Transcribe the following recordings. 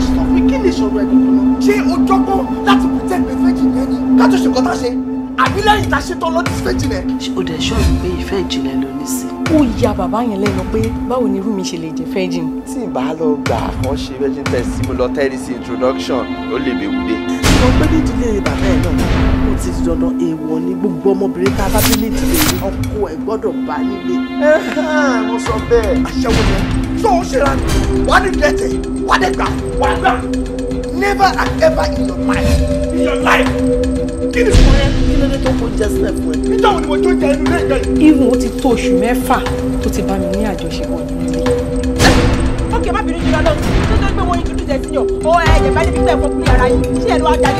sọ fún kí ni ìṣòro ẹ̀dùnkùn náà ṣé o jọ́gbọ́n láti pretend pé fẹ́ jìnnà ni kájọ ṣe nǹkan tá a ṣe àbí lẹ́yìn tá a ṣe tán lọ́dún fẹ́ jìnnà. o dẹ̀ ṣọ́ mi pé ìfẹ́ ìjìnlẹ̀ ló ní sí. ó ya bàbá yẹn lẹ́nu pé báwo ni irú mi ṣe lè jẹ́ fẹ́ jìn. tí ìbá lọ gbà wọ́n ṣe virgin test mo lọ tẹ́rìsì introduction ó lè mi wúlé. sọ pé ní ìdílé bàbá ẹ náà ó ti di dandan èèwọ̀ ni gbogbo ọmọbìnrin tá a bá bí ní ìdílé ọkọ ẹ̀ gbọ́dọ̀ bá nílé. mo sọ bẹ́ẹ̀ aṣẹ́wó ni tó ń ṣèrà ní wà á ní dẹ́tẹ̀ wà á dẹ́ gbà wà á gbà never and ever in your life in your life kí ni fún ẹ kí ló dé tó kó jẹ sílẹ̀ fún ẹ nígbà wo ni mo jó jẹ inú ilé ìjọ yìí. irun ó ti tó oṣù mẹ́fà tó ti bá mi ní àjọṣepọ̀ nílé. ókè má bínú jùlọ lọ tó tó gbé wọn ìtútù jẹ síyàn ó ẹ ẹ bá níbi tẹ ẹ fọkùnrin ara yìí ṣé ẹ ajá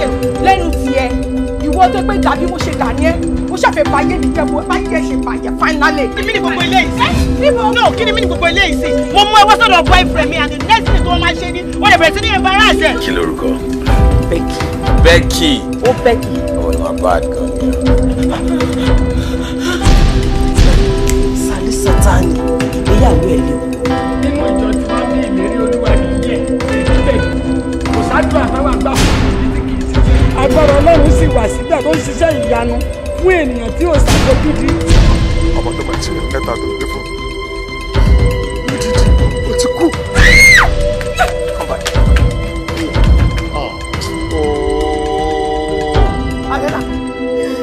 lé lẹ́nu tiẹ̀ ìwọ tó gbé gàbí mo ṣe gà ní ẹ ṣe báyé mi jẹ́ mo báyé ṣe bàjẹ́ finally. kí ni gbogbo ilé yìí sí. Eh, níbo no kí ni gbogbo ilé yìí sí. mo mú ẹwọ́ sọ̀dọ̀ boyfriend mi and the next thing tó máa ṣe ni ó lè bẹ̀rẹ̀ sí ní embarrass ẹ̀. kí lorúkọ. Becky. Becky. ó Becky. ọ̀rọ̀ oh, náà bad gan ni. sàlẹ̀ sátani ìgbéyàwó ẹ̀ léwu. nínú ìjọ tí wọ́n ní ìlérí olúwa nìyẹn ìdílé kò sáájú àtàwọn àgbà fún mi agbára ọlọ́run sì wà síbẹ̀ tó ń ṣiṣẹ́ ìyanu fún ènìyàn tí ò sì fojú di. ọmọ tó máa mẹ́ta tó gbé fún mi dídí ó ti kú. Oh.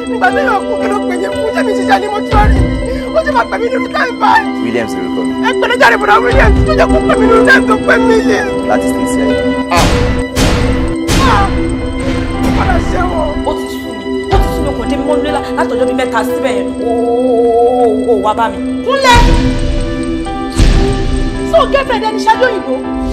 nígbà tí yóò kú kí ló pè yín fún jẹ́bi ṣiṣẹ́ ní mọ́túárì ó sì máa pè mí nínú táì báyìí. Williams ló kọ́ mi. jáde bọ̀dọ̀ Williams tó jẹ́ kó pè mí nínú táì tó pè mí yẹn. láti ṣe iṣẹ́ ah. ń lé látọjọ́ bíi mẹ́ta síbẹ̀ yẹn ó bá mi. kúnlẹ̀ so girlfriend ẹni ṣáájú òyìnbó.